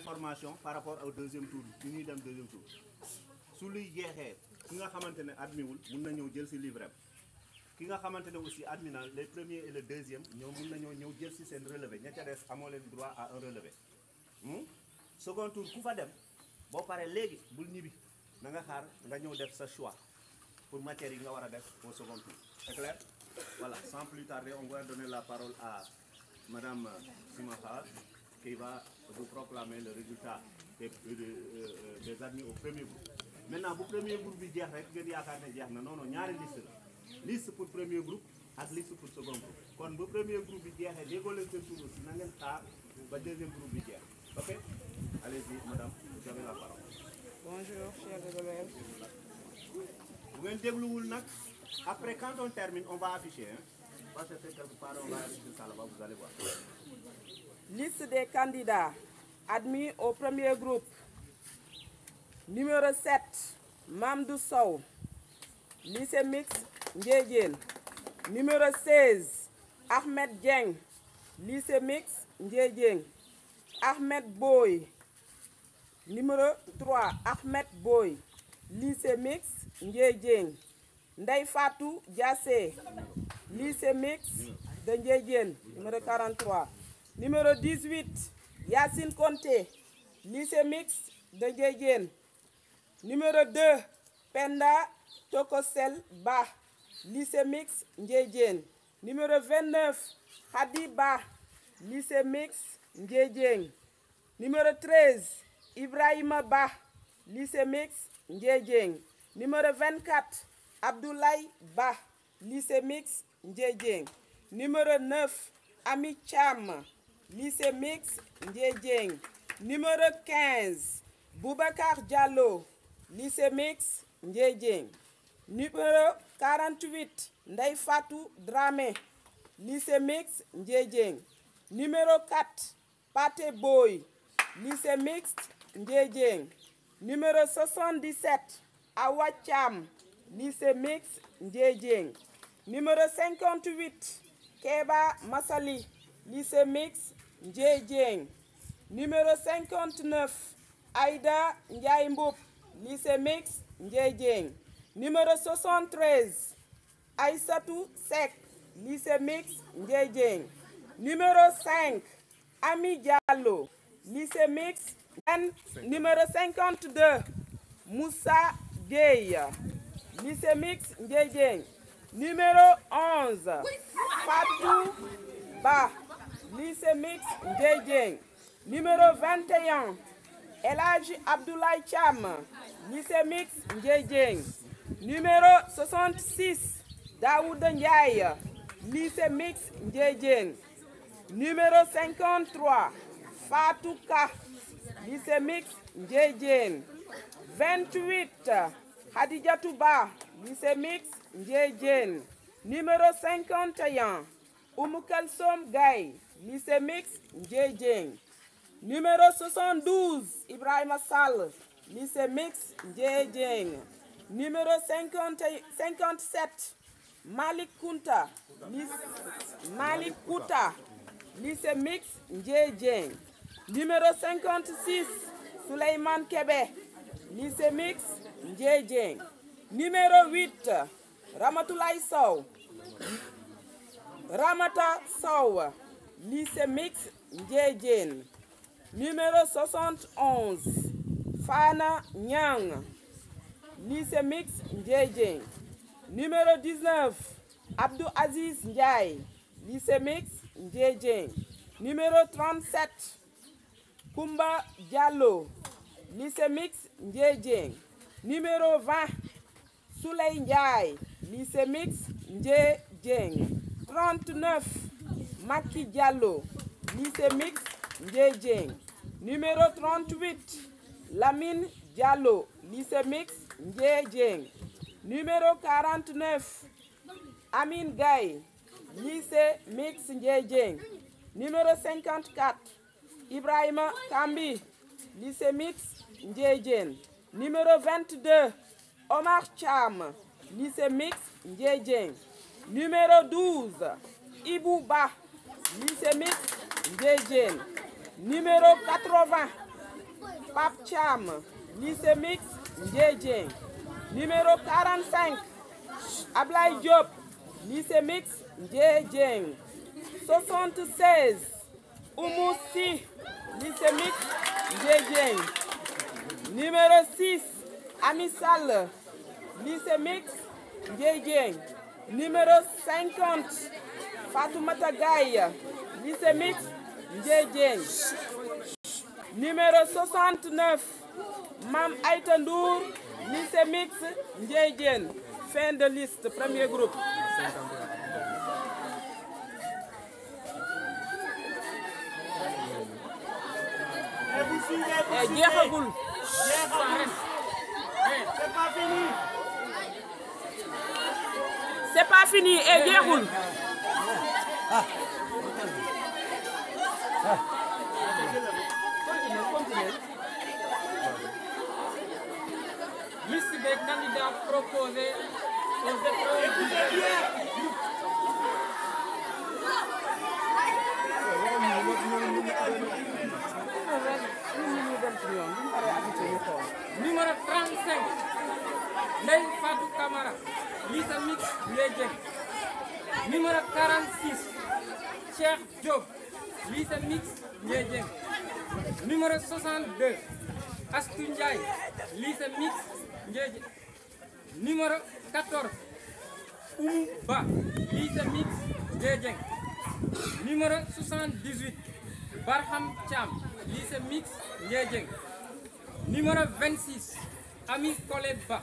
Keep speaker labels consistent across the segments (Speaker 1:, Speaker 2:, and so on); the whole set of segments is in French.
Speaker 1: information par rapport au deuxième tour bi ñuy dem deuxième tour su luy jeexee ki nga xamante ne admiwul mun na ñëw jël si livre ki nga aussi admis les premiers et le deuxième Nous n'avons na ñoo si relevé ña ca des amoo droit à un relevé hmm? second tour ku fa dem boo paree léegi bul ñibbi nga xaar nga def sa choix pour matière nga au second tour c'est clair voilà sans plus tarder on va donner la parole à madame euh, Simon qui va vous proclamer le résultat des, euh, euh, des admis au premier groupe. maintenant vous premier groupe bi jeex rek ngeen yaakaar Non, na non non ñaari liste liste pour le premier groupe et liste pour le second groupe Quand vous premier groupe bi jeexee déggoo leen seen tur si na ngeen xaar ba deuxième groupe bi ok allez-y madame vous avez la parole. bonjour cher Godoy. Vous avez dégluwul nag après quand on termine on va afficher hein parce que quelque part on va afficher ça là-bas vous allez voir. Liste des candidats admis au premier groupe. Numéro 7, Mamdou Sow, lycée mixte Numéro 16, Ahmed Dieng, lycée mixte Ahmed Boy, numéro 3, Ahmed Boy, lycée mixte Ngéguine. Ndei Fatou Diassé, lycée mixte de numéro 43. Numéro 18, Yacine Conté, lycée Mix de Numéro 2, Penda Tokosel Ba, lycée mixte Numéro 29, Hadiba Ba, lycée mixte Numéro 13, Ibrahima Ba, lycée mixte Numéro 24, Abdoulaye Ba, lycée mixte Numéro 9, Ami Cham, lycée Mix numéro 15 Boubacar Diallo lycée Mix numéro 48 Ndaifatu Drame Dramé lycée mixte numéro 4 Pate Boy lycée mixte numéro 77 Awa Cham. lycée mixte numéro 58 Keba Masali lycée mixte numéro 59 Aïda Ndiaye lycée Mix numéro 73 Aïssatou Sek lycée Mix numéro 5 Ami Diallo lycée Mix numéro 52 Moussa gay lycée Mix numéro 11 Fatou Ba lycée mix Numéro 21, Elage Abdoulaye Cham, lycée mix Numéro 66, Daoud Ndiaye, lycée mix Numéro 53, Fatouka, lycée mix Ndédieng. 28, Hadidja Touba, lycée mix Numéro 51, Oumou Kalsom Gaye, lycée mixte Ndiédiène. Numéro 72, Ibrahima Sall, lycée mixte Ndiédiène. Numéro 50, 57, Malik Kunta, lycée, Malik Kouta, lycée mixte Ndiédiène. Numéro 56, Souleymane Kébé, lycée mixte Ndiédiène. Numéro 8, Ramatoulaye Sow. Ramata Sow, lycée mixte Ndiédiène, numéro 71. Fana Nyang, lycée mixte Ndiédiène, numéro 19. Abdou lycée mixte Ndiédiène, numéro Kumba Diallo, lycée mixte Ndiédiène, numéro 20. Souley lycée mixte Ndiédiène. 39, Maki Diallo, lycée mix Ndjeng. Numéro 38, Lamine Diallo, lycée mix Ndjeng. Numéro 49, Amine Gaye, lycée mix Ndjeng. Numéro 54, Ibrahim Kambi, lycée mix Ndjeng. Numéro 22, Omar Cham, lycée mix Ndjeng. Numéro 12, Ibouba, Lysémique Ndéjen. Numéro 80, Papcham, Lysémique Ndéjen. Numéro 45, Ablaï Diop, Lysémique Ndéjen. 76, Oumoussi, Lysémique Ndéjen. Numéro 6, Amisal, Lysémique Ndéjen. Numéro 50, Fatoumata Gaye, lycée mixte, Numéro 69, Mam Aïtandour, lycée mixte, Fin de liste, premier groupe. Et eh, C'est pas fini c'est pas fini et eh, eh, jeexul eh, ah. Ah.
Speaker 2: liste des candidats proposés aux épreuves. Numéro 35. Ndeye Fatou Camara Lisa Mix Ndiédiène numéro 46 Cheikh Diop Lisa Mix Ndiédiène numéro 62 Astou Ndiaye Mix Ndiédiène numéro 14 Oumou Ba Lisa Mix Ndiédiène numéro Barham Thiam Lisa Mix Ndiédiène numéro Ami Colette Ba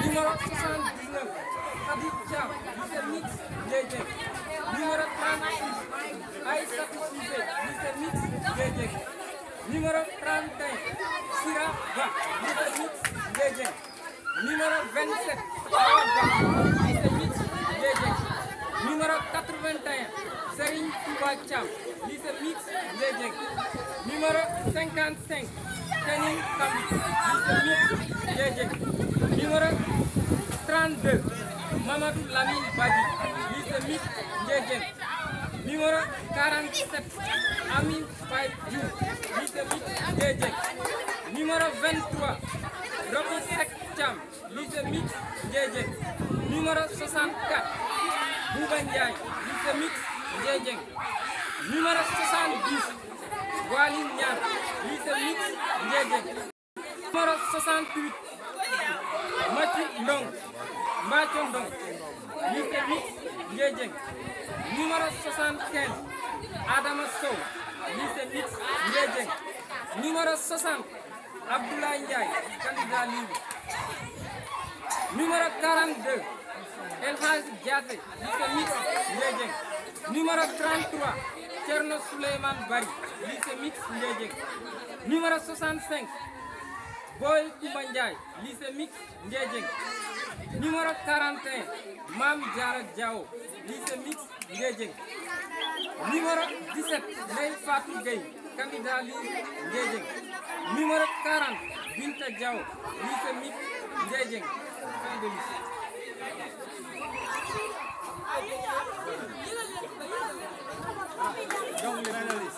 Speaker 2: Numerotesan Bilang Hadid Jam Mr. Mix JJ Numero 36 Aïssatou Souzé Mr. Mix JJ Numéro 31 Sira Ba Mr. Mix JJ Numéro 27 Awa Ba Mr. Mix JJ Numéro 81 Serigne Touba Cham Mr. Mix JJ Numéro 55 Kenny Kambi Mr. Mix JJ Numéro 42 Mamadou Lamine Badi Lise Mik Ndiegen Numéro 47 Amin Fay Diou Lise Mik Ndiegen Numéro 23 Robo Sek Cham Lise Mik Ndiegen Numéro 64 Bouba Ndiaye Lise Mik Ndiegen Numéro 70 Walin Nyan Lise Mik Ndiegen Numéro 68 Mathieu Long Ma Thiondong unité 8 Ndiédiène numéro Adama Sow unité 8 Ndiédiène numéro 60 Abdoulaye Ndiaye candidat libre numéro 42 El Hadj Diaté unité 8 Ndiédiène Bari unité 8 Ndiédiène numéro 65 Boy Kouma Ndiaye unité 8 Numéro 41, Mam Diara Diao, lycée mix Ngédieng. Numéro 17, Ney Fatou Gueye, candidat lycée Ngédieng. Numéro 40, Binta Diao, lycée mixte Ngédieng. Fin de lycée.